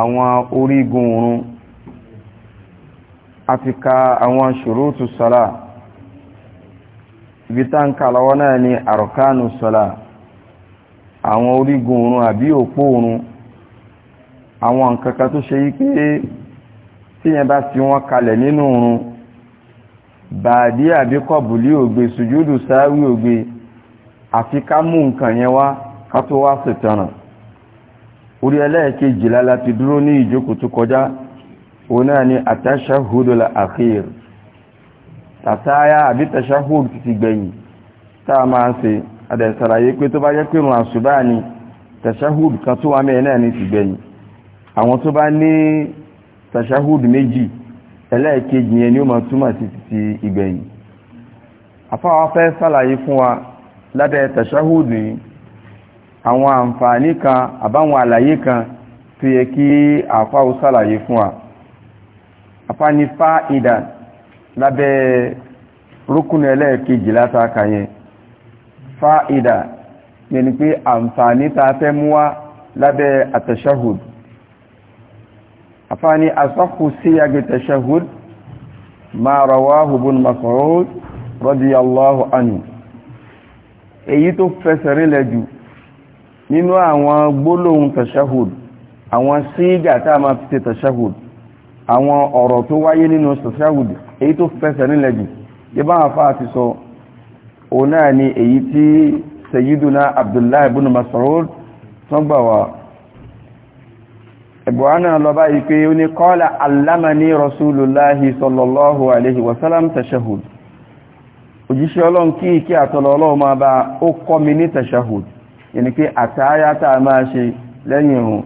àwọn orígun oorun àti ka àwọn ṣùrútù sọ́lá vitan kalawa náà ni arkanu sọ́lá àwọn orígun oorun àbí òpó oorun àwọn nǹkankan tó ṣe yípe tíyẹn bá fi wọ́n kalẹ̀ nínú oorun bàdí àbí kọbùlí ògbé sùjúdù sáwí ògbé àfi ká mú nǹkan yẹn wá ká tó wá sètọ̀nà orí ẹlẹ́ẹ̀kejìlá láti dúró ní ìjókòó tó kọjá òun náà ni àtàṣàhúdù al-akhir tàtàyà àbí tàṣàhúdù ti gbẹ̀yìn tá a máa ń ṣe àdẹ̀sàlàyé pé tó bá jẹ́ pé rùn àṣùbá ni tàṣàhúdù kan tó wà mẹ́rin náà ní ti gbẹ̀yìn ni ó máa túmọ̀ sí ti ìgbẹ̀yìn àfáwà fẹ́ sàlàyé fún wa àwọn àǹfààní kan àbáwọn àlàyé kan tó yẹ kí àfá ó sàlàyé fún wa afá ní fá ìdà lábẹ́ rúkúnù ẹlẹ́ẹ̀kejì látàkà yẹn fá ìdà yẹni pé àǹfààní ta fẹ́ mú wá lábẹ́ àtẹ̀ṣẹ́hùd afá ní asọ́kù sí agbẹ̀tẹ̀ṣẹ́hùd ma rawahu ibn Mas'ud radiyallahu anhu èyí tó fẹsẹ̀rin lẹ́jù nínú àwọn gbólóhùn tashahud àwọn sígà tá a máa fi tashahud àwọn ọ̀rọ̀ tó wáyé nínú tashahud èyí tó fẹsẹ̀ nílẹ̀ jù yíba àfá àti sọ òun náà ni èyí tí sayyiduna abdullahi ibn mas'ud tán gbà wá ẹ̀bùhánà lọ báyìí pé ó ní kọ́lá alámaní rasulullahi sallallahu alaihi wasallam tashahud òjíṣẹ́ ọlọ́run kí ìkí àtọlọ ọlọ́run máa bá ó kọ́ mi ní tashahud yẹni pé àtàyà tá a máa ṣe lẹ́yìn ìrun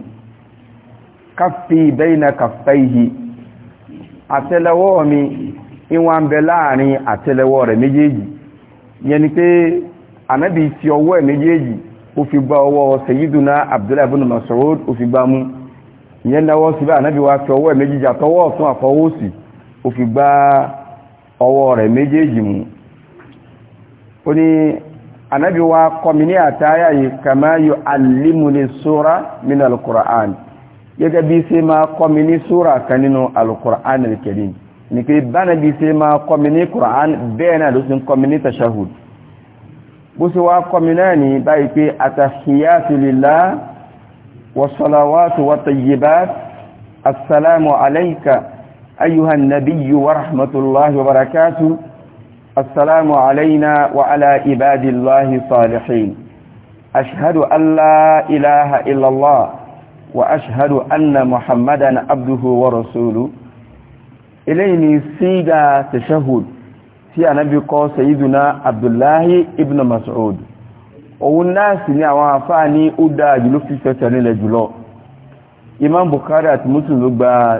kaffi bayna kaffayhi àtẹ́lẹwọ́ mi ìwọ̀n ń bẹ láàrin àtẹ́lẹwọ́ rẹ̀ méjèèjì yẹni pé ànábì ti ọwọ́ ẹ̀ méjèèjì ó fi gba ọwọ́ sayyiduna abdullahi ibn mas'ud anabi wa kọmini àtayà yìí kama yóò alìmúni sóra nínú alukura'an gẹ́gẹ́ bí ṣe máa kọmini sóra kan nínú alukura'an alkarim ní pé bána bí ṣe máa kọmini kura'an bẹ́ẹ̀ náà ló sì ń kọmini tashahud bó ṣe wá kọmini ní báyìí pé atahiyatu lillah wasalawatu watayibat assalamu alayka ayyuhan nabiyyu wa rahmatullahi wa barakatuh السلام علينا وعلى عباد الله الصالحين أشهد أن لا إله إلا الله وأشهد أن محمدا عبده ورسوله إليني سيغا تشهد في نبي قو سيدنا عبد الله ابن مسعود òun náà sì ni àwọn àfáà ní ó dáa jùlọ fífẹ́ tẹ̀lélẹ̀ jùlọ أوان Bukhari àti Muslim ló gba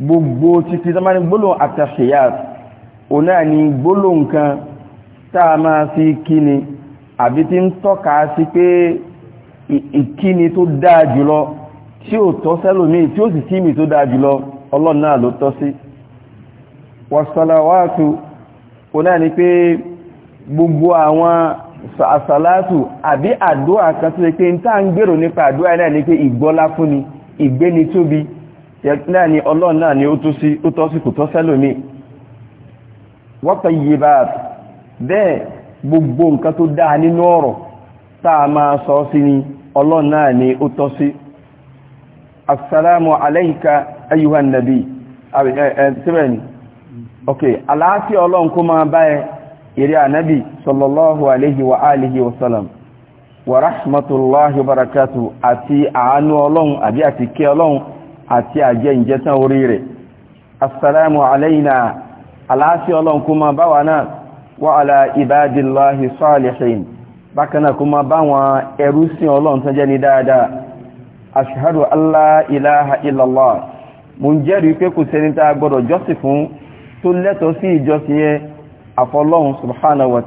gbogbo títí tó máa ní gbólóhùn àtàṣeyàt o náà ni gbólóhùn kan tá a máa fi kíni àbí tí ń tọ́ka sí pé ìkíni tó dáa jùlọ tí ó tọ́ sẹ́lòmí tí ó sì kíni tó dáa jùlọ ọlọ́run náà ló tọ́ sí wàsàlàwàtù o náà ni pé gbogbo àwọn àsàlátù àbí àdúrà kan tó lè pé ń tá ń gbèrò nípa àdúrà náà ni pé ìgbọ́lá fúnni ìgbéni tóbi náà ni ọlọ́run náà ni ó tó sí ó tọ́ sí kò tọ́ sẹ́lòmí wọ́pẹ̀ yìí bá bẹ́ẹ̀ gbogbo nǹkan tó dáa nínú ọ̀rọ̀ táa máa sọ sí ni ọlọ́run náà ni ó tọ́ sí assalamu alayka ayyuhan nabi wa rahmatullahi wa barakatuh àti àánú ọlọ́run àbí àti kẹ́ àti àjẹ ìjẹtán orí rẹ̀ assalamu alayna aláàfíà ọlọ́run kó máa bá wa náà wa ala ibadillahi salihin bákan náà kó máa bá wọn ẹrú sí ọlọ́run tán jẹ́ ní dáadáa ashhadu an la ilaha illallah mo ń jẹ́rìí pé kò sẹ́ni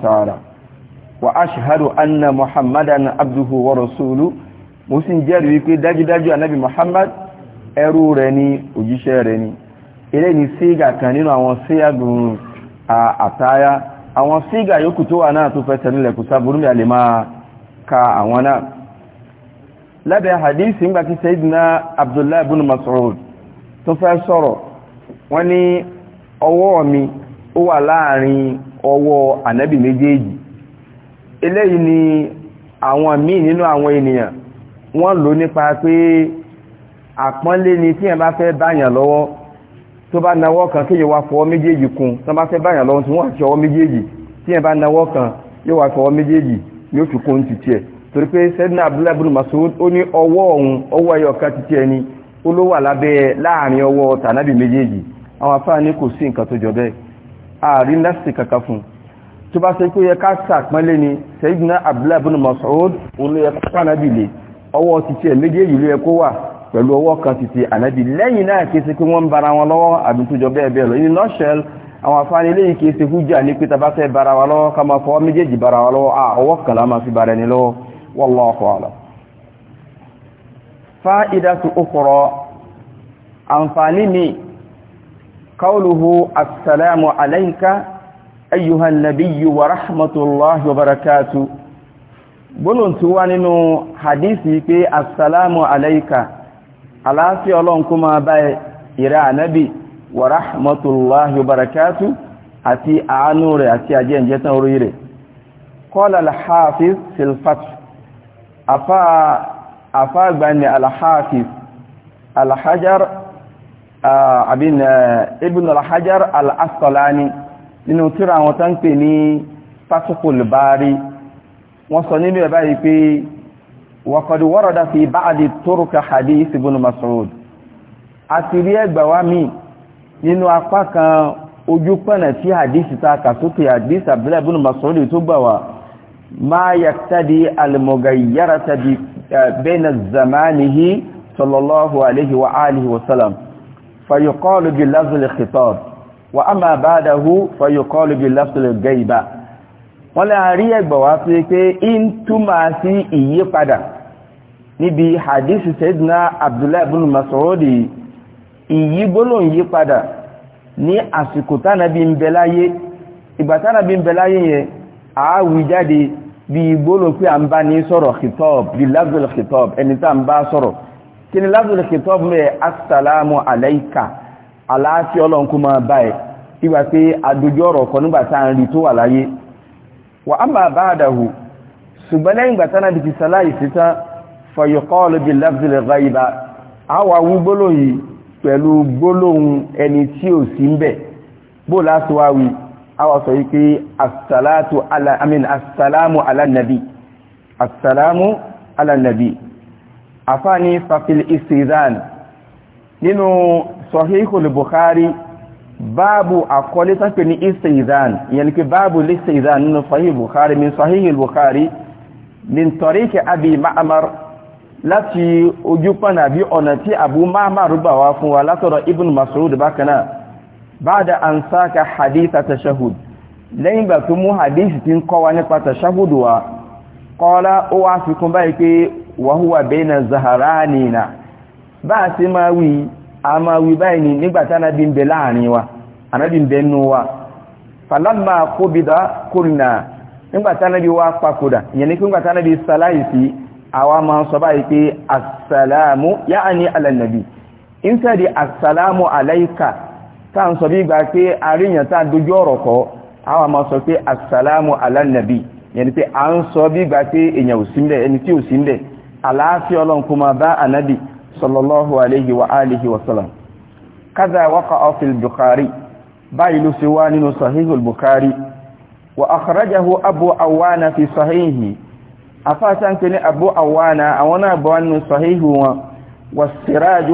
tá wa ashhadu anna muhammadan abduhu wa rasuluhu mo sì ń jẹ́rìí pé dájúdájú anabi muhammad ẹrú rẹ̀ ni òjíṣẹ́ rẹ̀ ni eré ni sígà kan nínú àwọn síyàgùn àtayá àwọn sígà yòókù tó wà náà tó fẹ́ tẹ̀lé kò sáburú ní a ka àwọn náà lábẹ́ hadisi ń gbà tí abdullahi ibn mas'ud soro. ni àwọn míì nínú àwọn ènìyàn wọ́n lò nípa pé àpọ́nlé ni tí ẹ bá fẹ́ báyàn lọ́wọ́ tó bá nawọ́ kan kí yẹ wá fọwọ́ méjèèjì kún tó bá fẹ́ báyàn lọ́wọ́ tí wọ́n àti ọwọ́ méjèèjì tí ẹ bá nawọ́ kan yóò wá fọwọ́ méjèèjì yóò fi kún ti tiẹ̀ torí pé sẹ́dínà abdullahi bin Mas'ud ó ní ọwọ́ ọ̀hún ọwọ́ ẹyọ kan ti tiẹ̀ ni ó ló wà lábẹ́ láàrin ọwọ́ tànábì méjèèjì àwọn afáàní kò sí nǹkan tó jọ bẹ́ẹ̀ ààrí lásìkò kankan fún un tó bá ṣe pé yẹ ká sàpọ́nlé ni sẹ́dínà abdullahi bin ó ló yẹ kó tànábì lè ọwọ́ ti tiẹ̀ méjèèjì ló yẹ kó wà pẹ̀lú ọwọ́ kan ti ti ànábì lẹ́yìn náà kìí ṣe pé wọ́n ń bara wọn lọ́wọ́ àbí tó jọ bẹ́ẹ̀ bẹ́ẹ̀ lọ inú nọ́ṣẹ́l àwọn afáàní lẹ́yìn kìí ṣe hújà ní pé tàbá fẹ́ bara wa lọ́wọ́ ká máa fọwọ́ méjèèjì bara wa lọ́wọ́ à ọwọ́ kan máa fi bara ẹni lọ́wọ́ wallahu a'lam. fa'idatu ukhra àǹfààní mi qawluhu assalamu alayka ayyuhan nabiyyu wa rahmatullahi wa barakatuh gbólóhùn tí wá hadisi pé assalamu alayka àlàáfíà ọlọ́run kó máa bá ìrẹ́ ànábì wa rahmatullahi wa barakatu àti àánú rẹ̀ àti àjẹ́ ìjẹtàn orí rẹ̀ qala al-hafiz fil fath afá afá gbani al-hafiz al-hajar abin ibn al-hajar al-asqalani وقد ورد في بعض الطرق حديث ابن مسعود àtìrí ẹgbà wá mi nínú apá kan ojú pẹ̀nà tí hadisi ta kàsókè hadisi abúlé ibn Mas'ud tó gbà wá ma yaktadi al-mughayyarata eh, bayna zamanihi sallallahu alayhi wa alihi wa sallam fayuqalu bi lafz al-khitab wa amma ba'dahu fayuqalu bi lafz al-ghaiba wọ́n lẹ́ àrí ẹgbọ̀ wá fi pé in túmà sí ìyípadà níbi hadith sayyidina abdullahi ibn mas'ud ìyígbólóhùn yípadà ní àsìkò tánàbí ń bẹ láyé ìgbà tánàbí ń bẹ láyé yẹn àáwì jáde bí gbólóhùn pé à ń bá ní sọ̀rọ̀ khitab bí lafzul khitab ẹni tá ń bá sọ̀rọ̀ kí ni lafzul khitab mẹ́ assalamu alayka aláàfíọ́lọ́nkú máa báyìí ìgbà pé àdójọ́ ọ̀rọ̀ kan nígbà tá à ń rí tó wà láyé wa amma ba'dahu ṣùgbọ́n lẹ́yìn ìgbà tánà bí ti sàláì síta fayọ̀kọ́ọ̀lù bí lafzil ghaiba àwà wú gbólóhùn pẹ̀lú gbólóhùn ẹni tí ò sí ń bẹ̀ bó láti wá wí àwà sọ yí pé asàlátù ala amin asàlámù alánàbí asàlámù alánàbí àfáàní fafil istizan nínú sahihul bukhari báàbù àkọlé tánpẹ̀ ní istizan ìyẹn ni pé báàbù listizan nínú sahih bukhari min sahih bukhari min tariqi abi ma'mar láti ojú pọ̀nà bí ọ̀nà tí abu ma'mar gbà wá fún wa látọ̀rọ̀ ibn mas'ud bákanáà ba'da an saka hadith tashahud lẹ́yìn bá tó mú hadith tí ń kọ́ wa nípa tashahud wa kọ́lá ó wá fi kún báyìí pé wa huwa bayna zaharanina bá a sì máa wí a máa wí báyìí ni nígbà tí anábì ń bẹ láàrin wa anábì ń bẹ nú wa falamma kóbidà kúrìnà nígbà tí anábì wá papòdà ìyẹn ni nígbà tí anábì sàláìsí àwa máa sọ báyìí pé assalamu ya'ani alannabi instead assalamu alayka tá ń sọ bí gbà pé àríyàn tá dojú ọ̀rọ̀ kọ́ àwa máa sọ pé assalamu alannabi ìyẹn ni pé à ń sọ bí gbà pé èèyàn ò sí ń bẹ̀ ẹni tí ò sí ń bẹ̀ àlàáfíà صلى الله عليه وآله وسلم كذا وقع في البخاري بايل سوان صحيح البخاري وأخرجه أبو أوانا في صحيحه أفاسان كني أبو أوانا أوانا أبو أن صحيحه والسراج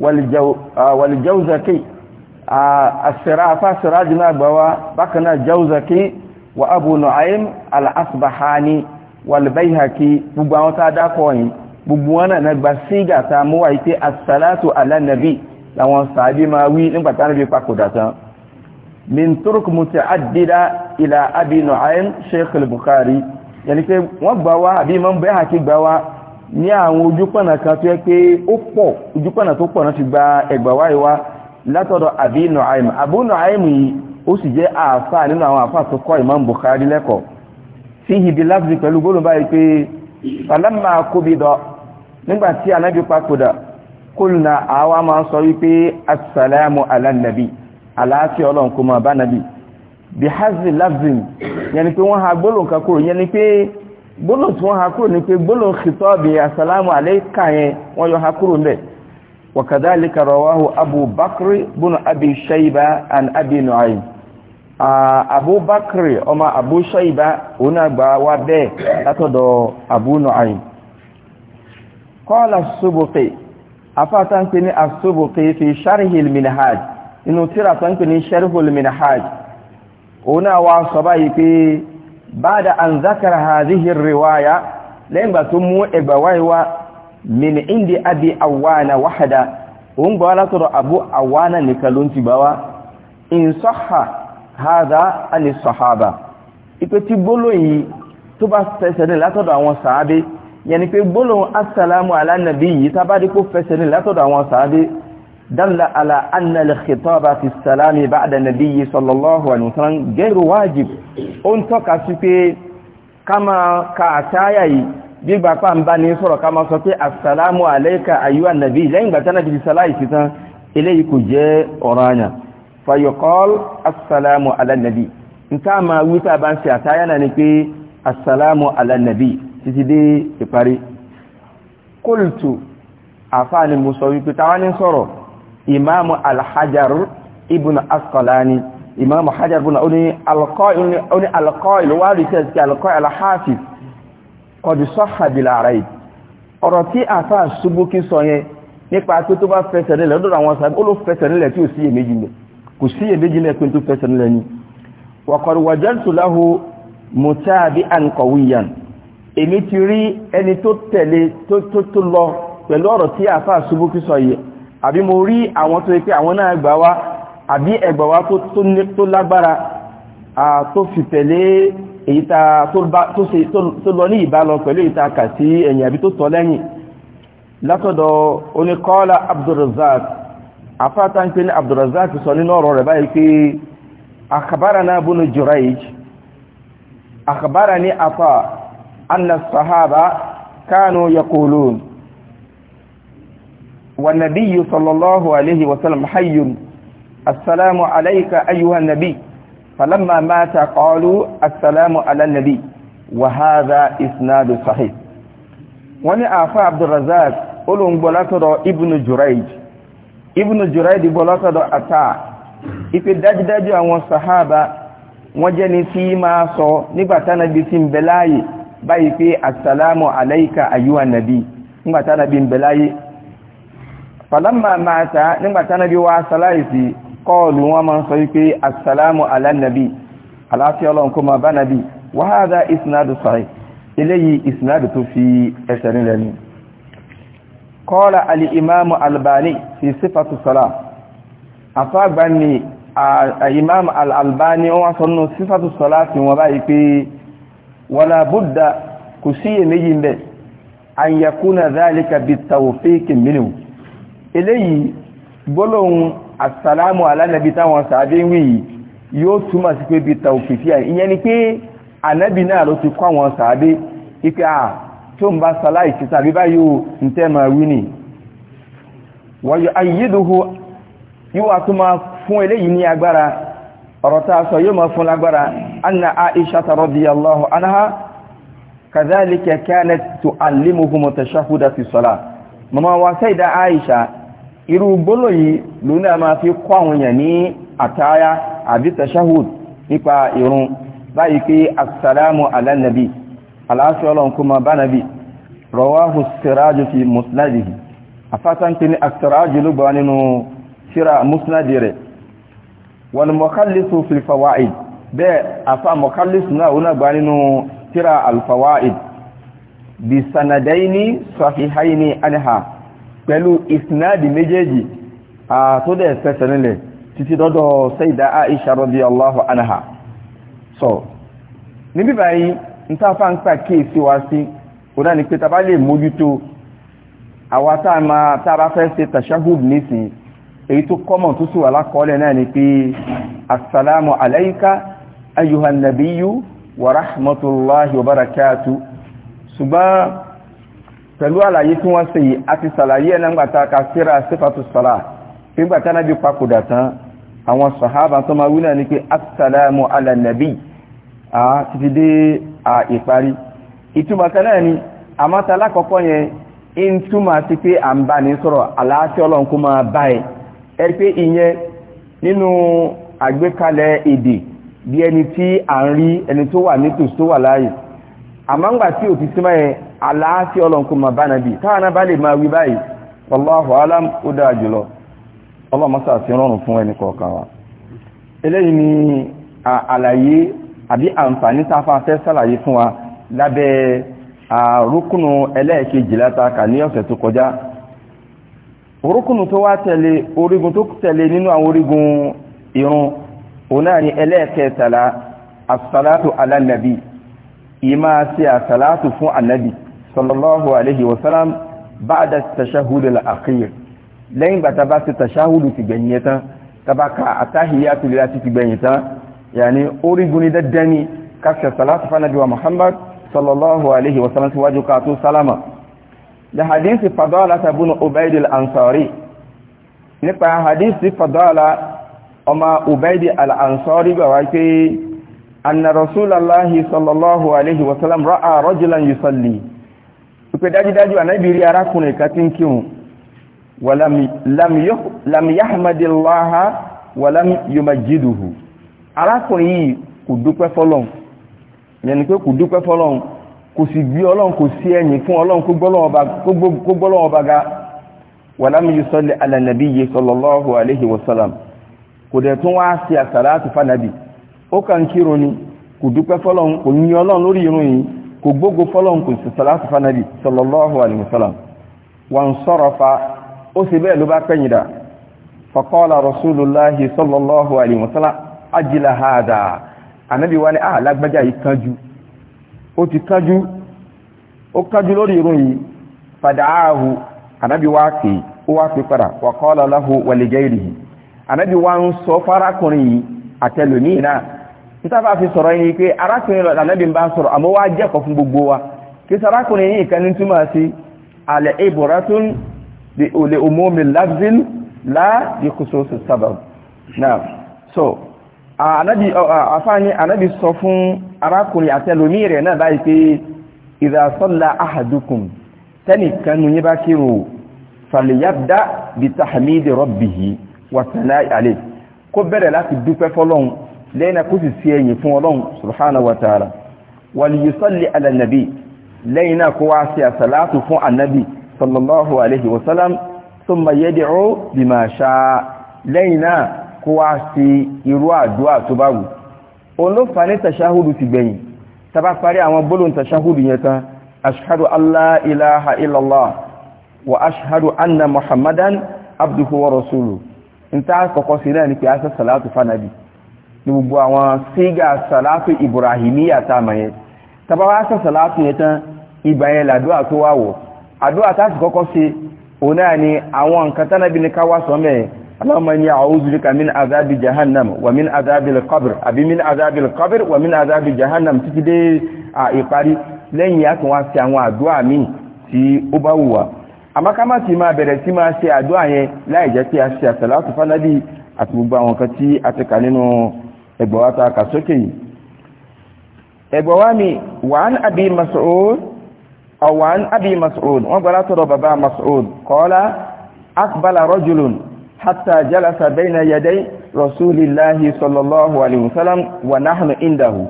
والجو والجوزكي السراج فسراجنا بوا بكنا جوزكي وأبو نعيم الأصبحاني والبيهكي بغاوتا داكوين gbogbo wọn náà gba sígà ta mú wáyé pé asàlátù alánàbí làwọn sàábí máa wí nígbà tá níbi papòdà tán min turk mutaaddida ila abi nu'aym sheikh al-bukhari yani pé wọ́n gbà wá àbí imam bayhaqi gbà wá ní àwọn ojúpọ̀nà kan tó yẹ pé ó pọ̀ ojúpọ̀nà tó pọ̀ náà ti gba ẹgbà wáyé wá látọ̀dọ̀ abi nu'aym abu nu'aym yìí ó sì jẹ́ àáfà nínú àwọn àáfà tó kọ́ imam bukhari lẹ́kọ̀ọ́ fi hìbí láti pẹ̀lú gbólóhùn báyìí pé falamma kóbi dọ̀ nígbà tí anábì papòdà kúlùnà àwa máa sọ wípé asàlámù alánàbì aláàfíà ọlọ́run kó máa bá nàbì bí hazi lafzin yẹni pé wọ́n ha gbólóhùn kan kúrò yẹni pé gbólóhùn tí wọ́n ha kúrò ní pé gbólóhùn khitabi asàlámù aláìkà yẹn wọ́n yọ ha abu bakri ọmọ abu shaiba òun àgbà wa bẹ́ẹ̀ látọ̀dọ̀ abu qala as-Subuqi afatan pè ní as-Subuqi fi sharhil minhaj inú tírà tan pè ní sharhul minhaj ona wa sabai pé ba'da an dhakara hadhihi ar-riwaya lengba tumu ebawaiwa min indi abi awana wahda ungba la turu abu awana nikalunti bawa in sahha hadha an as-sahaba ipe tí gbólóyìn tó bá ṣẹ̀ṣẹ̀ ní látọ̀dọ̀ àwọn sahabe yẹni pé gbólóhùn assalamu ala nabiyyi tábádé kó fẹsẹ̀ ní látọ̀dọ̀ àwọn sàábé dalla ala anna al-khitaba fi salami ba'da nabiyyi sallallahu alaihi wasallam ghayru wajib ó ń tọ́ka sí pé kama ka àtáyà yìí gbígbà pa ń bá ní sọ̀rọ̀ kama sọ pé assalamu alayka ayyuha nabi lẹ́yìn gbàtà nàbí sàláì sí tán eléyìí kò jẹ́ ọ̀ranyàn fayọkọ́l títí dé ìparí kóòtù àfáà ni mo sọ wípé táwa ní sọ̀rọ̀ ìmáàmù alhajar ibn asqalani ìmáàmù hajar ibn oní alkọ́ ìlú wà rí tẹ́sí alkọ́ alhafiz kọ̀dù sọ́hàbìlà rẹ̀ ọ̀rọ̀ tí àfáà ṣubúkí sọ yẹn nípa pé tó bá fẹsẹ̀ nílẹ̀ èmi ti rí ẹni tó tẹ̀lé tó lọ pẹ̀lú ọ̀rọ̀ tí àfà ṣubúkí sọ yìí àbí mo rí àwọn tó pé àwọn náà gbà wá àbí ẹgbà wá tó lágbára tó fi tẹ̀lé èyí tó lọ ní ìbálọ pẹ̀lú èyí ta kà sí ẹ̀yìn àbí tó tọ́ lẹ́yìn látọ̀dọ̀ oníkọ́lá Abdurrazak afáta ń pè ní أن الصحابة كانوا يقولون والنبي صلى الله عليه وسلم حي السلام عليك أيها النبي فلما مات قالوا السلام على النبي وهذا إسناد صحيح وني آفا عبد الرزاق أولون بولاتر ابن جريج ابن جريج بولاتر أتا ipe dájúdájú àwọn sàhábà wọ́n jẹ́ ni tí máa sọ nígbàtánàbí sí ń bẹ láàyè báyìí pé assalamu alayka ayyuha nabi nígbàtá nàbí ń bẹ láyé falamma mata nígbàtá nàbí wá sáláìsì kọlù wọn máa ń sọ wípé assalamu ala nabi aláfíà ọlọ́run kó máa bá nabi wa hadha isnadu sahih eléyìí isnadu tó fi ẹsẹ̀ nílẹ̀ ni kọ́lá al'imamu wala budda kusiye meji mbe an yakuna dhalika bitawfiq minhu eléyìí bolon assalamu ala nabi tawon sabe wi yóò túmọ̀ sí pé bitawfiq ya ìyẹn ni pé ànábì náà ló ti kọ́ àwọn sabe ipe a tó ń salai ti sabe bayo nte ma wi ni wa yu'ayyiduhu yóò atuma fún eléyìí ní agbára ọ̀rọ̀ tá sọ yóò máa fún lágbára أن عائشة رضي الله عنها كذلك كانت تعلمهم التشهد في الصلاة mama wa saida aisha irú gbolo yìí ló na ma fi kọ́ àwọn èyàn ní ataya àbí tashahhud nípa ìrun báyìí pé assalamu ala nabi alaasi olon kuma ba nabi rawahu siraju fi musnadihi afatan tini asiraju lugba nínú sira musnadire wal mukhallisu fil fawaid bẹ́ẹ̀ afa mọ̀kálí sùn náà wọ́n gbá nínú tíra alfawaid bí sanadaini sahihaini anha pẹ̀lú isnadi méjèèjì tó dẹ̀ fẹsẹ̀ nílẹ̀ títí dọ́dọ̀ sayida aisha radiyallahu anha so níbí báyìí n ta fa ń pa kéèsì wá sí ọ̀dá ni pé ta bá lè mójútó àwa tá a máa tá assalamu alaika ayuha nabiyu wa rahmatullahi wa barakatuh ṣùgbọ́n pẹ̀lú àlàyé tí wọ́n ṣe yìí àti ṣàlàyé ẹ̀nà gbàta kàfíra sífàtù sọ́lá nígbàtá náà bí papòdà tán àwọn sàhábà tó máa wí náà ní pé assalamu ala nabi a títí dé a ìparí ìtumọ̀ kan náà ni àmọ́ta alákọ̀ọ́kọ́ yẹn in túmọ̀ sí pé à ń bá ní sọ̀rọ̀ aláàfíà ọlọ́run kó máa bá ẹ ẹ pé ìyẹn nínú bí ẹni tí a ń rí ẹni tó wà nítòsí tó wà láàyè àmọ́ tí òfin símá yẹn aláàfin ọlọ́nkó máa bá nàbì táwọn náà bá lè máa wí báyìí wallahu alam ó dáa jùlọ ọlọ́mọsá àti rọrùn fún ẹnì kọ̀ọ̀kan wa eléyìí ni àlàyé àbí àǹfààní táfà fẹ́ sàlàyé fún wa lábẹ́ ẹlẹ́ẹ̀kejì látàkà ní ọ̀sẹ̀ tó kọjá tó wá tẹ̀lé orígun tó tẹ̀lé òun náà ni ẹlẹ́ẹ̀kẹtàlá asàlátù alánàbí ìmá sí asàlátù fún ànábì sallallahu alaihi wasallam ba'da tashahudul akhir lẹ́yìn gbàtà bá ti tashahudu ti gbẹ̀yìn tán tabaka atahiyatu lilati ti gbẹ̀yìn tán yàní orígun ni dandan ni ká ṣe salatu fánàbí wa muhammad sallallahu alaihi wasallam síwájú ká tó sálámà da hadisi fadala tabunu ubaidul ansari nípa hadisi fadala ọmọ ubaidi al'ansọ́rí gbà wá pé anna rasulallahi sallallahu alaihi wasallam ra'a rajulan yusalli ipe dájúdájú anábìrí arákùnrin katin kíhun wa lam yahmadillaha wa lam yumajiduhu arákùnrin yìí kò dúpẹ́ fọ́lọ́n yẹni pé kò dúpẹ́ fọ́lọ́n kò sì gbí ọlọ́n kò sí ẹ̀yìn fún ọlọ́n kó gbọ́lọ́wọ́ bá ga wa lam yusalli ala nabiyyi sallallahu alaihi wasallam kò dẹ̀ tún wá sí àsàlátù fánàbì ó kàn kírun ni kò dúpẹ́ fọ́lọ́run kò ní ọlọ́run lórí irun yìí kò gbógo fọ́lọ́run kò sí àsàlátù fánàbì sallallahu alaihi wasallam wọn sọ̀rọ̀ fa ó sì bẹ́ẹ̀ ló bá pẹ́yìn dà faqala rasulullahi sallallahu alaihi wasallam ajila hada anabi wa ni lágbájá yìí kánjú ó ti kánjú ó kánjú lórí irun yìí fadaahu anabi wa ke ó wá fi padà wa lahu wa ànábì wa ń sọ fárakùnrin yìí àtẹlòmíì náà títàfà fi sọ̀rọ̀ yìí pé arákùnrin lọ ànábì ń bá sọ̀rọ̀ àmọ́ wá jẹ́kọ̀ọ́ fún gbogbo wa kí sarákùnrin yìí kan ní túmọ̀ sí alẹ́ ìbọ̀rẹ́tún lè umumi lafzin la di khusus sabab náà so ànábì àfáàní ànábì sọ fún arákùnrin àtẹlòmíì rẹ̀ náà báyìí pé idha salla ahadukum tẹ́nìkan ní bá kírò fàlìyàbdá bí tàhàmídì rọ́bìhì wàtàná àlè kó bẹ̀rẹ̀ láti dúpẹ́ fọ́lọ́hun lẹ́yìn kó sì sí ẹ̀yìn fún ọlọ́hun subhanahu wa ta'ala wàlìyùsọ́lì alànàbí lẹ́yìn náà kó wá sí àsàlátù fún ànàbí sallallahu alaihi wasallam thumma yad'u bima sha'a lẹ́yìn náà kó wá sí irú àdúà tó bá wù òun ló fà ní tàṣáhùdù ti gbẹ̀yìn tàbá parí àwọn gbólóhùn tàṣáhùdù yẹn tán ashhadu an ilaha illallah wa ashhadu anna muhammadan abduhu wa rasuluhu níta kọ̀kọ́ sí náà ni pé aṣọ sàlátù fanabi ní gbogbo àwọn sígà sàlátù ibrahimiya tá a mọ̀ yẹn tàbá wá aṣọ sàlátù yẹn tán ìgbà yẹn làdúrà tó wà wọ̀ àdúrà tá a sí òun náà ni àwọn nǹkan tánábì ní ká wá sọ mẹ́ẹ̀ اللهم إني أعوذ بك من عذاب جهنم ومن عذاب القبر أبي من عذاب القبر ومن عذاب جهنم títí dé ìparí lẹ́yìn yá wá sí àwọn àdúrà míì tí ó bá wù wá àmọ́ ká má ti máa bẹ̀rẹ̀ sí máa ṣe àdúrà yẹn láì jẹ́ pé a ṣe àsàlátù fánàbí àti gbogbo àwọn kan tí a ti kà nínú ẹgbọ̀wá ta kà sókè yìí ẹgbọ̀wá mi wàán àbí Mas'ud ọ̀wàán àbí Mas'ud wọ́n gbọ́lá tọrọ bàbá Mas'ud qala akbala rajulun hatta jalasa bayna yaday rasulillahi sallallahu alaihi wasallam wa nahnu indahu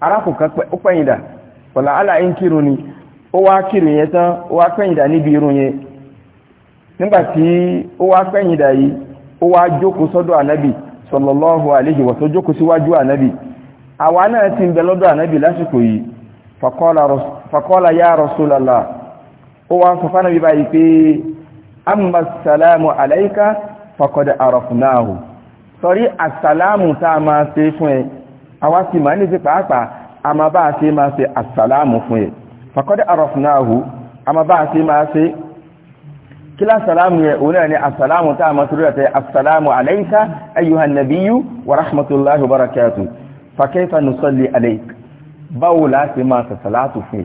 arákùnkà ó pẹ̀yìndà wala ala ó wá kírun yẹn tán ó wá kẹ́yìndà níbi irun yẹn nígbàtí ó wá kẹ́yìndà yìí ó wá jókòó sọ́dọ̀ ànábì sallallahu alayhi wa sallam jókòó síwájú ànábì àwa náà ti ń bẹ lọ́dọ̀ ànábì lásìkò yìí faqala ya rasulallah ó wá sọ fánàbí báyìí pé amma salamu alayka faqad arafnahu sọrí àsàlámù tá a máa ṣe fún ẹ àwa sì máa ní sí fàkọ́dé àrọ̀fúnnáhù a ma bá a sí máa sí kílá sàlámù yẹ òun náà ni asàlámù tá a ma sọ́rọ̀ tẹ́ asàlámù aláìka ayyuhan nabiyyu wa rahmatullahi wa barakatu fàkẹ́fà nùsọ́lì aláìk báwo láti máa sàsàlátù fún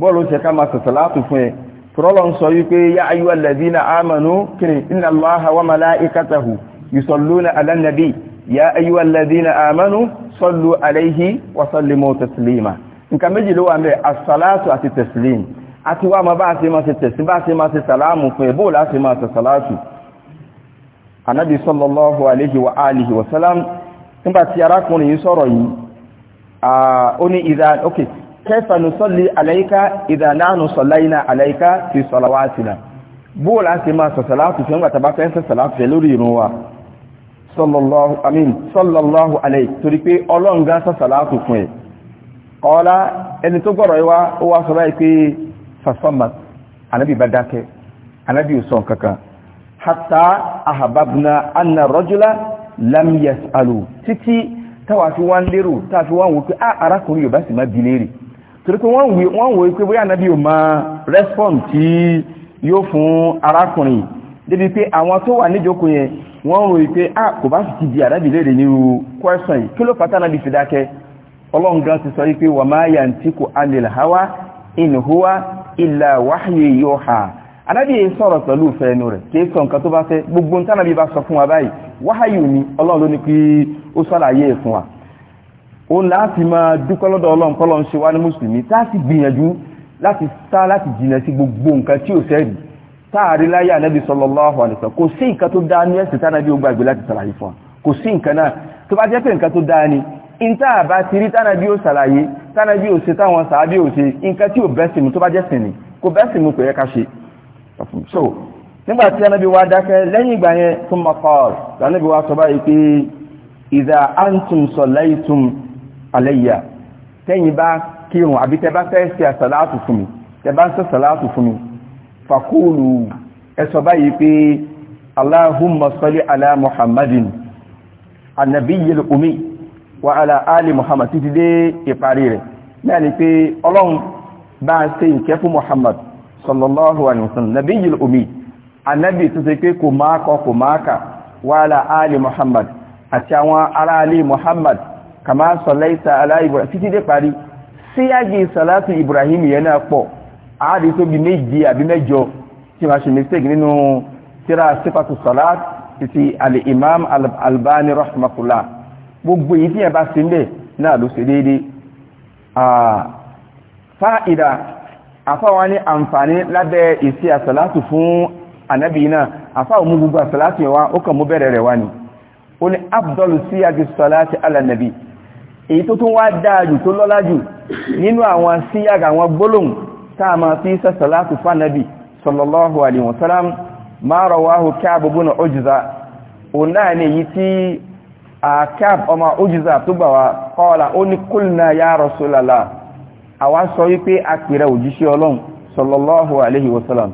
bọ́ọ̀lù ṣe ká máa sàsàlátù fún ẹ tọ́lọ́ sọ wípé yá ayyuhal ladhina amanu kiri inna allaha wa mala'ikatahu yusalluna ala nabi ya ayyuhal ladhina amanu sallu alayhi wa sallimu taslima nǹkan méjì ló wà mẹ́ asàlátù àti tẹ̀sílìm àti wá ma bá ṣe ma ṣe tẹ̀sí bá ṣe ma ṣe sàlámù fún ẹ̀bọ́ láti ma ṣe sàlátù anábi sallallahu alaihi wa alihi wa salam nígbàtí arákùnrin yìí sọ̀rọ̀ yìí ó ní ìdá ok kẹfà nù sọ́lì aláìká ìdá náà sọ̀láìna aláìká ti sọ̀làwátìna bó láti ma sallallahu alaihi torí pé ọlọ́ngá sọ fún ẹ̀ ọ̀la ẹni tó gbọ́rọ̀ yìí wá ó wá sọ báyìí pé fasọ́mà anábì bá dákẹ́ anábì ò sọ kankan hatta ahababna anna rajula lam yasalu títí táwa fi wá ń lérò táà fi wá ń wò pé ah, arákùnrin yóò bá sì má bi léèrè torí pé wọ́n wí wọ́n pé bóyá anábì ò máa respond tí yóò fún arákùnrin débi pé àwọn tó wà níjókòó yẹn wọ́n rò pé a ah, kò bá sì ti di arábì léèrè nírú question yìí kí ló fàtà náà fi dákẹ́ ọlọ́run gan ti sọ wípé wà máa yà tí kò alìl hawa in huwa illa wahyu yuha anábì yìí sọ̀rọ̀ pẹ̀lú fẹ́ẹ̀nu rẹ̀ kí é sọ nǹkan tó bá fẹ́ gbogbo ń tánàbí bá sọ fún wa báyìí wáhàyù ni ọlọ́run ló ní kí ó sọ́làyé ẹ̀ fún wa ó láti máa dúpẹ́ lọ́dọ̀ ọlọ́run kọ́lọ́ ń ṣe wá ní mùsùlùmí láti gbìyànjú láti sá láti jìnà sí gbogbo nǹkan tí ò sẹ́rì táàrí láyé ànábì sallallahu alaihi wasallam kò sí nǹkan tó dáa ní ìntà àbá ti rí tánàbí ò sàlàyé tánàbí ò ṣe táwọn sàábí ò ṣe nǹkan tí ò bẹ́sìmù tó bá jẹ́ sìn kò bẹ́sìmù kò yẹ ká ṣe so nígbà tí anábí wá dákẹ́ lẹ́yìn ìgbà yẹn tó mọ̀ kọ́ọ̀lù tánàbí wá sọ báyìí pé ìdá antum tum alayya tẹ́yìn bá kírun àbí tẹ́ bá fẹ́ ṣe àsàlátù fún mi tẹ́ bá ń ṣe àsàlátù fún mi fàkúùlù ẹ sọ báyìí pé allahumma salli ala muhammadin annabiyil umi wa ala ali muhammad títí dé ìparí rẹ̀ náà ni pé ọlọ́run bá ń ṣe ìkẹ́ fún muhammad sallallahu alaihi wasallam nabiyul ummi anabi tó ṣe pé kò máa kọ kò máa kà wa ala ali muhammad àti àwọn ará ali muhammad kama sallaita ala ibrahim títí dé parí sí àjì salatu ibrahim yẹn náà pọ̀ àádìí tó bí méjì àbí mẹ́jọ tí ma ṣe mistake nínú tíra sífàtù salat títí al-imam albani rahmatullah gbogbo èyí tí ẹ bá ṣe ń bẹ̀ náà ló ṣe déédé fáìdà àfáwọn ní àǹfààní lábẹ́ ìsí àsàlátù fún ànábì náà àfáwọn mú gbogbo àsàlátù yẹn wá ó kàn mú bẹ̀rẹ̀ rẹ̀ wá ni ó ní afdọ́lù sí àgbẹ̀sọ̀láti alànàbì èyí tó tún wá sallallahu alaihi wasallam ma rawahu Ka'b ibn Ujza òun náà akab ọmọ ojiza tó gbà wá kọ́ọ̀lá ó ní kúlùnà ya Rasulullah àwa sọ wípé apèrè òjíṣẹ́ ọlọ́run sallallahu alaihi wasallam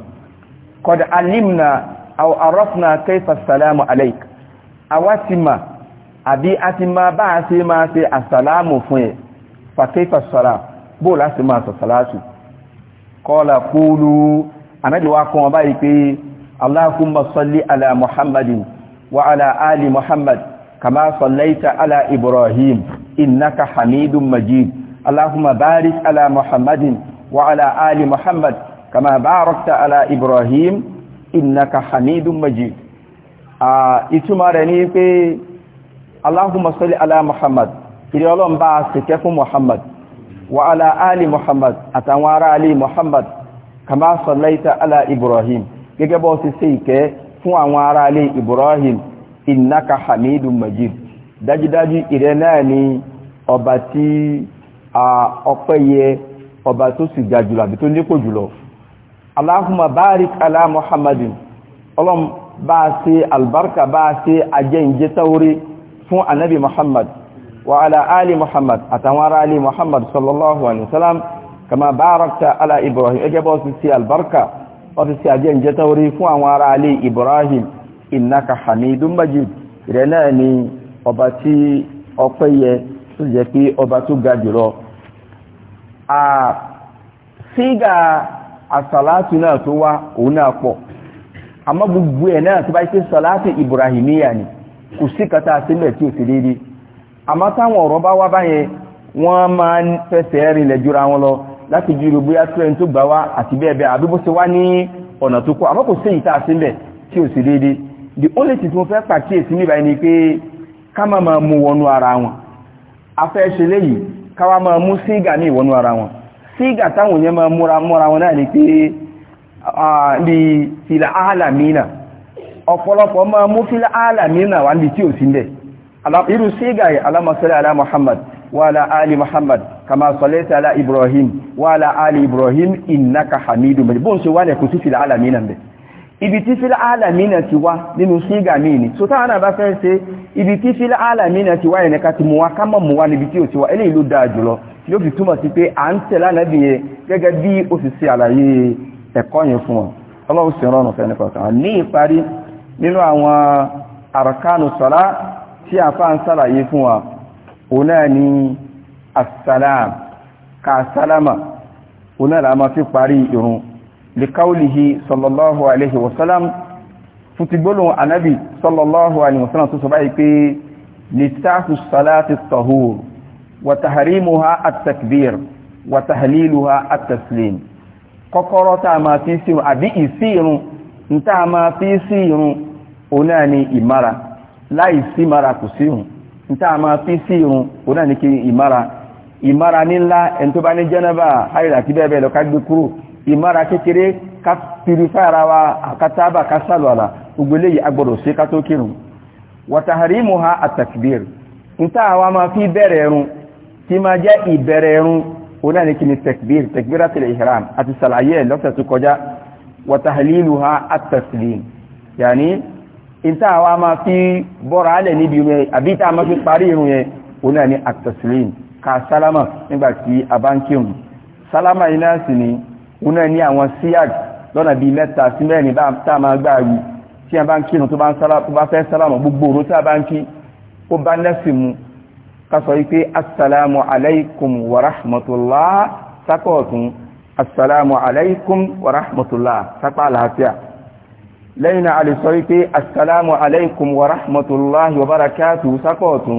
kọ́dà alimna aw arafna kaifa salamu alaik àwa ti ma àbí a ti ma bá a ṣe máa ṣe àsàlámù fún ẹ̀ fa kaifa sọ́lá bó láti máa sọ sàlátù kọ́ọ̀lá kúlù anájúwá kan ọba pé allahumma salli ala muhammadin wa ala ali muhammad كما صليت على إبراهيم إنك حميد مجيد اللهم بارك على محمد وعلى آل محمد كما باركت على إبراهيم إنك حميد مجيد ìtumọ̀ rẹ̀ ní pé Allahumma salli ala Muhammad ìrẹ́ ọlọ́n bá sẹ̀kẹ́ fún Muhammad wa ala Ali Muhammad àtàwọn ará Ali Muhammad kama sallaita ala Ibrahim gẹ́gẹ́ bọ́ sí sí ìkẹ́ fún àwọn ará Ali Ibrahim innaka hamidun majid dájúdájú ìrẹ náà ni ọba tí ọpẹ́ yẹ ọba tó sì ga jùlọ àbí tó nípò jùlọ Allahumma barik ala Muhammadin ọlọ́m bá ṣe albarka bá ṣe ajẹ́ ìjẹ́ tauri fún anabi Muhammad wa ala ali Muhammad àtàwọn ará ali Muhammad sallallahu alaihi wasallam kama barakta ala Ibrahim ẹgẹ́ bọ́ sí albarka ọ ti ṣe ajẹ́ ìjẹ́ fún àwọn ará ali Ibrahim innaka hamidun majid rẹ̀ náà ni ọba tí ọpẹ́ yẹ tó jẹ pé ọba tó ga jùlọ sígà asalatu náà tó wá òun náà pọ̀ àmọ́ gbogbo ẹ náà tó bá ṣe salatu ibrahimiya ni kò sí kata sílẹ̀ tí ò sí táwọn bá wá báyẹn máa ń jura wọn lọ láti jùlọ bóyá tó gbà wá àti àbí bó ṣe wá ní ọ̀nà tó kò sí tí ò sí the only thing tí mo fẹ́ pàkíyèsí níbà ni pé ká má máa mú wọnú ara wọn afẹ́ ṣe léyìí ká wá máa mú sígà ní ìwọnú ara wọn sígà táwọn yẹn máa múra múra wọn náà ni pé ní fìlà áhàlàmínà ọ̀pọ̀lọpọ̀ máa mú fìlà áhàlàmínà wà níbi tí ò sí ndẹ̀ irú sígà yìí alámọ̀sẹ́lẹ̀ alá Muhammad وعلى آل محمد كما صليت على إبراهيم وعلى آل إبراهيم إنك حميد مجيد بون سوالي كسوسي العالمين به ibi tí fílá alàmìnà ti wá nínú sígà míì ni so táwọn náà bá fẹ́ ṣe ibi tí fílá alàmìnà ti wá ẹ̀nẹ́ka ti mú wa ká mọ̀ mú wa níbi tí ò ti wá eléyìí ló dáa jùlọ yóò fi túmọ̀ sí pé à ń tẹ̀lé ànábì yẹn gẹ́gẹ́ bí ó sì ṣe àlàyé ẹ̀kọ́ yẹn fún ni assalam ká sálámà la máa fi parí likaulihi sallallahu alaihi wasallam futigbolo anabi sallallahu alaihi wasallam tó sọ báyìí pé listahu salati tahur wa tahrimuha at-takbir wa tahliluha at-taslim kọ́kọ́rọ́ tá ma fi sí àbí ìsírun nta ma fi sí ìrun ọ̀nà ni ìmára láì sí mara kò sí ìrun nta ma fi sí ìrun ọ̀nà ni kí ìmára ni la en tó bá ní janaba ayira tí bẹ́ẹ̀ bẹ́ẹ̀ lọ ká gbé kúrò ìmára kékeré ká pìrìfà ara wa àkátábà ká sàlọ̀lá gbogbo eléyìí agbọ́dọ̀ sí ká tó kírun wàtàhàrímùhá àtàkbìr ìta àwa máa fi bẹ̀rẹ̀ ẹ̀rùn tí máa jẹ́ ìbẹ̀rẹ̀ ẹ̀rùn onáníkì ni tẹ̀kbìr takbiratul ihram àti sàlàyé ẹ̀ lọ́sẹ̀ tó kọjá wàtàhàlílùhá àtàslim yàní ìta àwa máa fi bọ́ra alẹ̀ níbi irun yẹn àbí ìta máa fi parí irun yẹn onáni àtàslim ká òun náà ní àwọn síyàg lọ́nà bíi mẹ́ta sí mẹ́rin bá tá a máa gbà wí tí a bá ń kírun tó bá fẹ́ sálámọ̀ gbogbo òru tí a bá ń kí ó bá lẹ́sìn mu ká sọ wípé assalamu alaikum wa rahmatullah sákọ̀ ọ̀tún assalamu alaikum wa rahmatullah sápá àlàáfíà lẹ́yìn náà a wípé assalamu alaikum wa rahmatullah wa barakatuh sákọ̀ ọ̀tún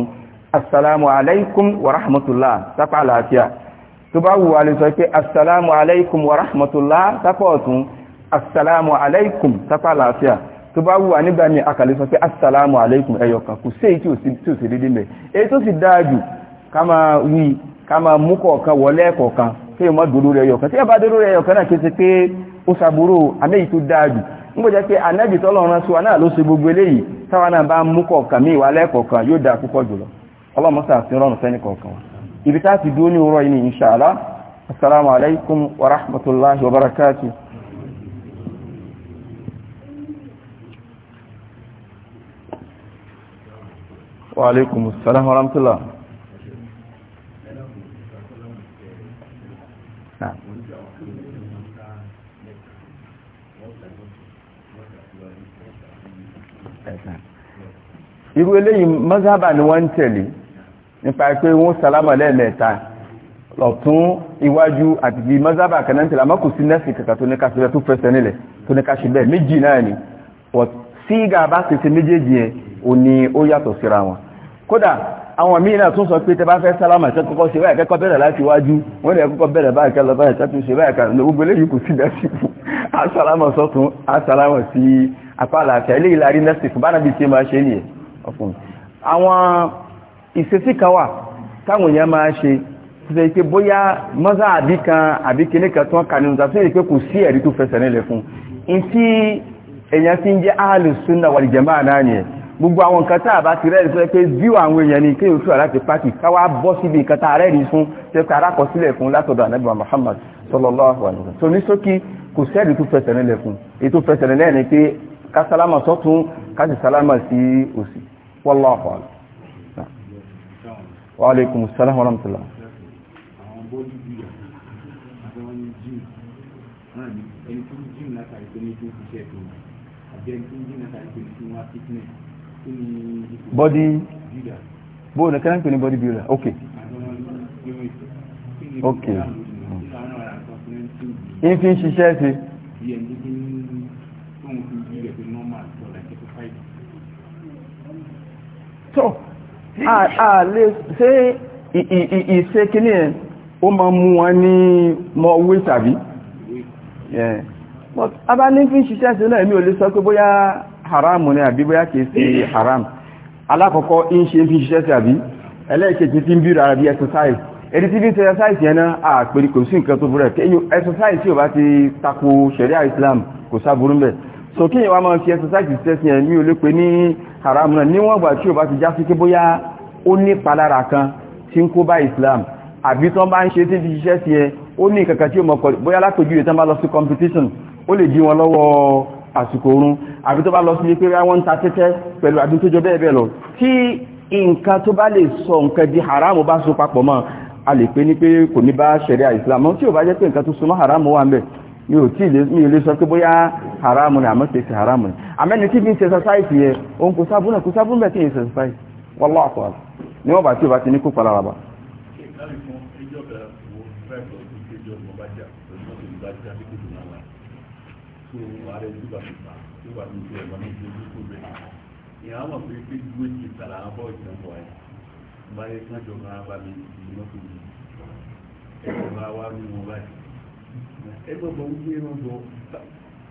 assalamu alaikum wa rahmatullah sápá àlàáfíà tó bá wù a lè sọ pé assalamu alaikum wa rahmatullah sápá ọ̀tún assalamu alaikum sápá láàfíà tó bá wù a nígbà ní àkàlẹ̀ sọ pé assalamu alaikum ẹyọkan kò sí èyí tí ó sì dédé mẹ́ èyí tó sì dáájú ká máa wí ká máa mú kọ̀ọ̀kan wọlé ẹ̀kọ̀ọ̀kan tí ó mọ́ dúró rẹ̀ ẹyọkan tí ẹ bá dúró rẹ̀ ẹyọkan ibi tá ti dúó ní òwúrọ̀ yìí ní insha Allah assalamu alaikum wa rahmatullahi wa barakatuh wa alaikum assalam wa rahmatullah irú eléyìí mazhaba ni wọ́n tẹ̀lé nípa pé wọ́n sálámà lẹ́ẹ̀mẹ́ta lọ́tún iwájú àti bí mọ́sábà kanáńtìlá mọ́kù sí nẹ́sì kàkà tó ní ká ṣe tó fẹsẹ̀ nílẹ̀ tó ní ká ṣe bẹ́ẹ̀ méjì náà ni wọ́n sí ìgà bá ṣe ṣe méjèèjì ẹ̀ o ní ó yàtọ̀ síra wọn kódà àwọn míì náà tún sọ pé tẹ bá fẹ́ sálámà ṣe kọ́kọ́ ṣe báyìí kẹ́kọ́ bẹ̀rẹ̀ láti iwájú wọ́n lè kọ́kọ́ bẹ̀rẹ̀ báyìí kẹ́lọ báyìí ṣe tún ṣe báyìí kan gbogbo eléyìí kò sí nẹ́sì fún asálámà sọ́tún asálámà sí apá àlàáfíà eléyìí la rí nẹ́sì fún bá náà bí ṣe máa ṣe nìyẹn ọkùnrin àwọn ìṣesí kan wà táwọn èèyàn máa ṣe ṣe pé bóyá mọ́sá àbí kan àbí kíní kan tó ń kà nínú tàbí ṣe pé kò sí ẹ̀rí tó fẹsẹ̀ nílẹ̀ fún un tí èèyàn fi ń jẹ́ ahlu sunnah wal jamaa náà nìyẹn gbogbo àwọn nǹkan tá a ti rẹ́rìí fún ẹ pé bíu àwọn èèyàn ni kéèyàn tura láti pàtì káwá bọ́ síbi nǹkan tá a rẹ́rìí fún ṣe pé arákọsílẹ̀ fún látọ̀dọ̀ anábìwá Muhammad sallallahu alaihi wasallam tó ní sókí kò sẹ́ẹ̀dì tó fẹsẹ̀ nílẹ̀ fún ètò fẹsẹ̀ nílẹ̀ ni pé ká sálámà sọ́tún ká sì sálámà sí òsì wallahu a'lam وعليكم السلام ورحمة الله. body bóò nìkan ń pè ní body builder ok ok in fi ń ṣiṣẹ́ so àlè ṣe ìṣe kíní ẹ̀ ó ma mú wọn ní mọ́ owó tàbí but a bá ní fi ṣiṣẹ́ sí náà mi ò lè sọ pé bóyá haramu ni àbí bóyá kìí sí haram alákọ̀ọ́kọ́ in ṣe fi ṣiṣẹ́ sí àbí ẹlẹ́ẹ̀kejì tí ń bí rárá bí exercise ẹni tí bí exercise yẹn náà àpèrè kò sí nǹkan tó burú ẹ̀ exercise tí ò bá ti tako sharia Islam kò sáburú mẹ́ so kí ìwà máa fi exercise tẹ́sìn ẹ̀mí ò lè pè ní haram náà níwọ̀n ìgbà tí ò bá ti já sí pé bóyá ó ní palára kan tí ń kó bá Islam àbí tán bá ń ṣe tí fi ṣiṣẹ́ sí ẹ ó ní kankan tí ó mọ̀ pẹ̀lú bóyá lápèjúwe tán bá lọ sí competition ó lè dí wọn lọ́wọ́ àsìkò oorun àbí tó bá lọ sí pé wọ́n ń ta tẹ́tẹ́ pẹ̀lú àdúgbò tó jọ bẹ́ẹ̀ bẹ́ẹ̀ lọ tí nǹkan tó bá lè sọ nǹkan di haram bá so papọ̀ mọ́ a lè pè ní pé kò ní bá ṣẹ̀ríà Islam tí ò bá jẹ́ pé nǹkan tó súnmọ́ haram wà ń bẹ̀ mi ò tí mi ò lè sọ pé bóyá haramu ni àmọ́ ṣe haramu ni àmẹ́ni tí bí ń ṣe society yẹ òun kò sábú náà kò sábú mẹ́ tí ń ṣe society wọ́lọ́ àpọ̀ àlọ́ ni wọ́n bá tí ó bá ti ní kó palára bá. ìyá wọn ẹgbẹ̀bọ̀ wípé irun bọ̀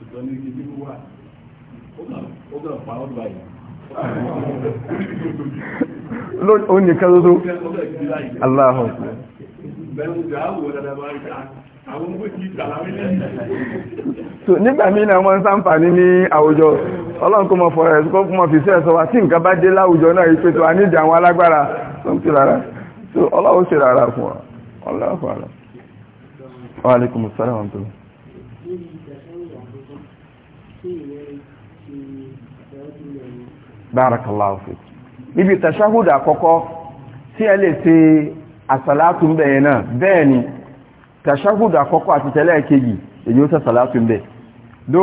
ìtọ́ ní ibi tó wà ó gbà pa ọ́ báyìí. ó ní kan tó tó aláhùn. so nígbà míì náà wọ́n ń ṣàǹfààní ní àwùjọ ọlọ́run kó mọ fọ̀rọ̀ ẹ̀ kó mọ fi sí ẹ̀sọ́ wa tí nǹkan bá dé láwùjọ náà ìpètò àníjà àwọn alágbára tó ń pè rárá so ọlọ́run ṣe rárá fún wa ọlọ́run fún wa. وعليكم السلام ورحمة الله Barakallahu الله Níbi tàṣáhùdà àkọ́kọ́ tí ẹ lè ṣe àsàlátù ń bẹ̀yẹn náà bẹ́ẹ̀ ni tàṣáhùdà àkọ́kọ́ àti tẹ́lẹ̀ kejì èyí ó sàsàlátù ń bẹ̀. Dó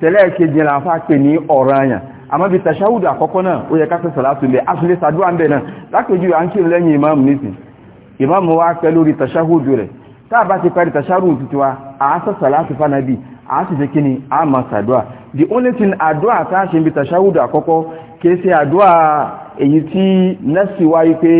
tẹ́lẹ̀ kejì yẹn làáfà pè ní ọ̀ranyàn. Àmọ́ bí tàṣáhùdà àkọ́kọ́ náà ó yẹ ká sàsàlátù ń bẹ̀. A sì lè ṣàdúrà ń bẹ̀ náà. Lápèjú à ń wa pẹ́ lórí tàṣáhùdù rẹ̀ tá bá ti parí tasharu tutu wa a sa salatu fa nabi a sì ṣe kíni a ma ṣàdúà the only thing àdúà tá ṣe bí tashahudu àkọ́kọ́ ke ṣe àdúà èyí tí nasi wa yi pé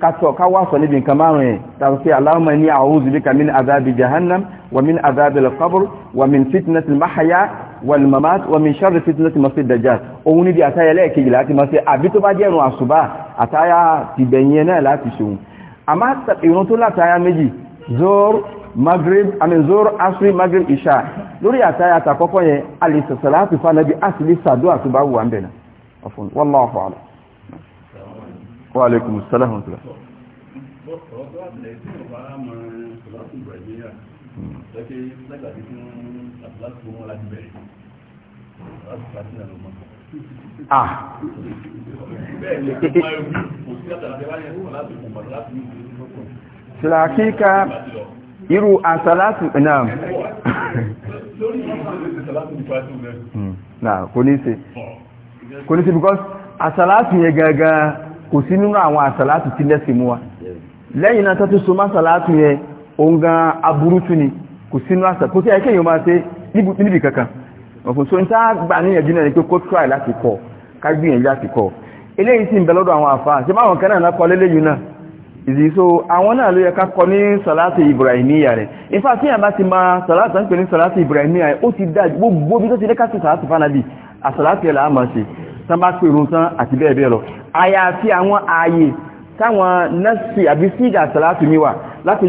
ka so ka wa so ni bin kamaru e ta fi allahumma inni a'udhu bika min adhabi jahannam wa min adhabi al-qabr wa min fitnati al-mahya wal mamat wa min sharri fitnati masjid dajjal ohun ni bí àtàyà le kejì láti ma ṣe àbí tó bá jẹ́ run àsùbá àtàyà tí beyin na láti ṣe àmá ìrun tó látàyà méjì zor maghrib àmì zor asri maghrib isha lórí àtàyà àtàkọ́kọ́ yẹn a lè sọ̀sọ̀ láti fánàbí a sì lè sàdó àtúbà wà ń bẹ̀rẹ̀ ọ̀fún wallahu a'lam wa alaikumus salam hmm. Ah. la hakika iru asalasi naam na kunisi kunisi because asalasi ya gaga ko sinuna awon asalatu ti lesimuwa leyin na tatu suma asalatu ye onga aburutu ni ko sinuna asalatu ko ti ayike yo ma se nibu nibi kankan mo fun so nta gba ni yan jina ni pe ko try lati ko ka gbiyan lati ko eleyin tin be lodo awon afa se ma won na ko leleyin na ìdí so àwọn náà ló yẹ ká kọ ní sọ̀láti ibrahimiya rẹ̀ ifá tí àbá ti máa sọ̀láti ń pè ní sọ̀láti ibrahimiya rẹ̀ ó ti dájú gbogbo bí tó ti lẹ́ká sí sọ̀láti fánàbí àsọ̀láti ẹ̀là àmà sí tán bá pèrún tán àti bẹ́ẹ̀ bẹ́ẹ̀ lọ mi wà láti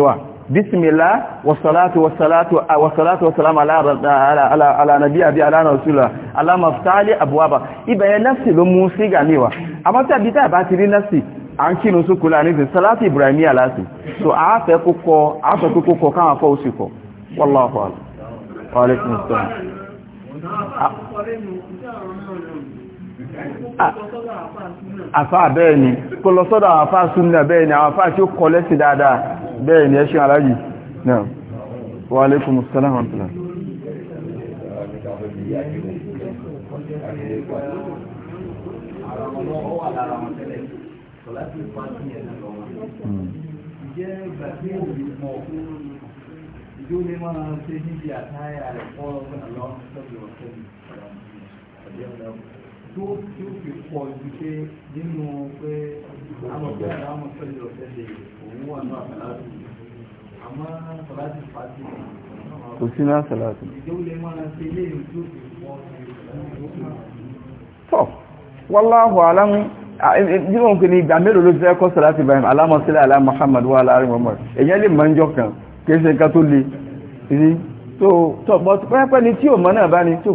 ojú bismillah wassalatu wassalatu ah, wassalatu wassalamu ala ala ala ala على abi ala rasulullah allahumma ftali abwaba ibe nafsi lo musi ganiwa amata bi ta ba ti ri nafsi an kinu sukula ni salati ibrahimiya lati so a fe kokko a fe kokko kan fa usiko wallahu a'lam wa alaikum assalam àfáà bẹ́ẹ̀ ni kò lọ sọ́dọ̀ àwọn àfáà súnmọ́ bẹ́ẹ̀ ni àwọn àfáà tí ó kọ lẹ́sì dáadáa bẹ́ẹ̀ ni ẹṣin alájì náà wa alaikum salam àtìlá Ìjọ́ hmm tó tí ó fi pọ̀ ju pé nínú pé amọ̀fẹ́ àmọ̀fẹ́ lè ọ̀fẹ́ lè òun wà ní àfàlátì àmọ́ àfàlátì pàtì kò sí ní àfàlátì. ìjọ lè máa ṣe léèrè tí ó fi pọ̀ tọ́ wàláhù alámú níwọ̀n kò ní ìgbà mélòó ló fẹ́ kọ́ sàlátì báyìí alámọ̀sílẹ̀ alá Muhammad wà láàrin mọ́mọ́ èyàn lè máa ń jọ kan kí é ṣe nǹkan tó le tó tọ̀pọ̀ pẹ́pẹ́ ni tí ò mọ́ náà bá ní tó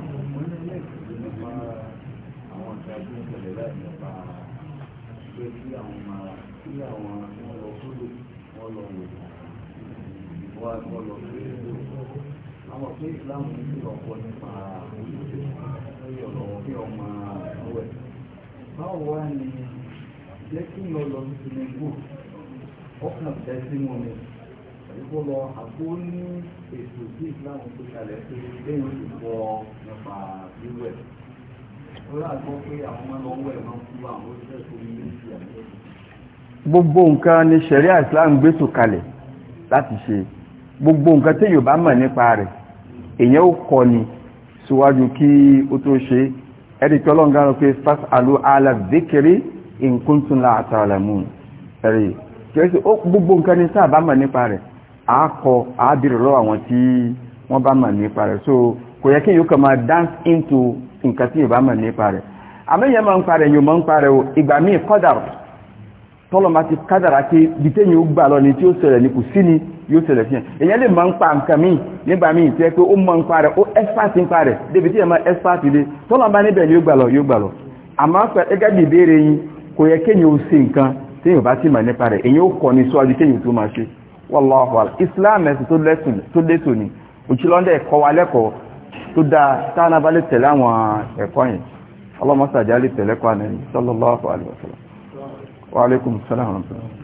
ṣé islam ń fi ọ̀pọ̀ nípa oríṣiríṣi ọ̀rọ̀ bí ọmọ ọ̀wẹ̀ báwo wá ni jẹ́ kí n lọ sí tinubu ọkàn tẹ́ sí wọn ni àdúgbò lọ àbó ní ètò tí islam tó kalẹ̀ pé lẹ́yìn oṣù pọ̀ nípa wíwẹ̀ lọ́la gbọ́ pé àwọn máa lọ wẹ̀ máa ń kú àwọn oṣiṣẹ́ tó ní gbogbo nǹkan ni ṣẹ̀ríà islam gbé sọ̀kalẹ̀ láti ṣe gbogbo nǹkan téèyàn bá mọ̀ nípa rẹ̀ èyàn ó kọ́ ni síwájú kí ó tó ṣe ẹ̀rí pé ọlọ́run gánà pé fas'alu ala dhikri in kuntum la ta'lamun ẹ̀rí kẹ́sì ó gbogbo nǹkan ní sáà bá mọ̀ nípa rẹ̀ àákọ àábìrì lọ́wọ́ àwọn tí wọ́n bá mọ̀ nípa rẹ̀ so kò yẹ kí yóò kàn máa dance into nǹkan tí yóò bá mọ̀ nípa rẹ̀ àmẹ́yẹ máa ń parẹ̀ yóò máa ń parẹ̀ o ìgbà míì kọ́dàrù tọ́lọ́mà ti kádàrà pé bìtẹ́yìn ó gbà lọ ni tí ó ṣẹlẹ̀ ní kò sí ni yóò ṣẹlẹ̀ sí ẹ̀ èyàn lè máa ń pa nǹkan míì nígbà míì tẹ́ pé ó mọ̀ ń pa rẹ̀ ó ẹ́sfàtì ń pa rẹ̀ débi tí lé tọ́lọ̀ bá níbẹ̀ ni ó yóò gbà lọ àmọ́ ẹgẹ́ bí ìbéèrè yín kò yẹ kéèyàn ó nǹkan téèyàn bá sì mọ̀ nípa rẹ̀ èyàn ó kọ́ ni síwájú kéèyàn tó máa ṣe wallahu islam ẹ̀kọ́ wa lẹ́kọ̀ọ́ tó dáa tẹ̀lé àwọn ẹ̀kọ́ yẹn àná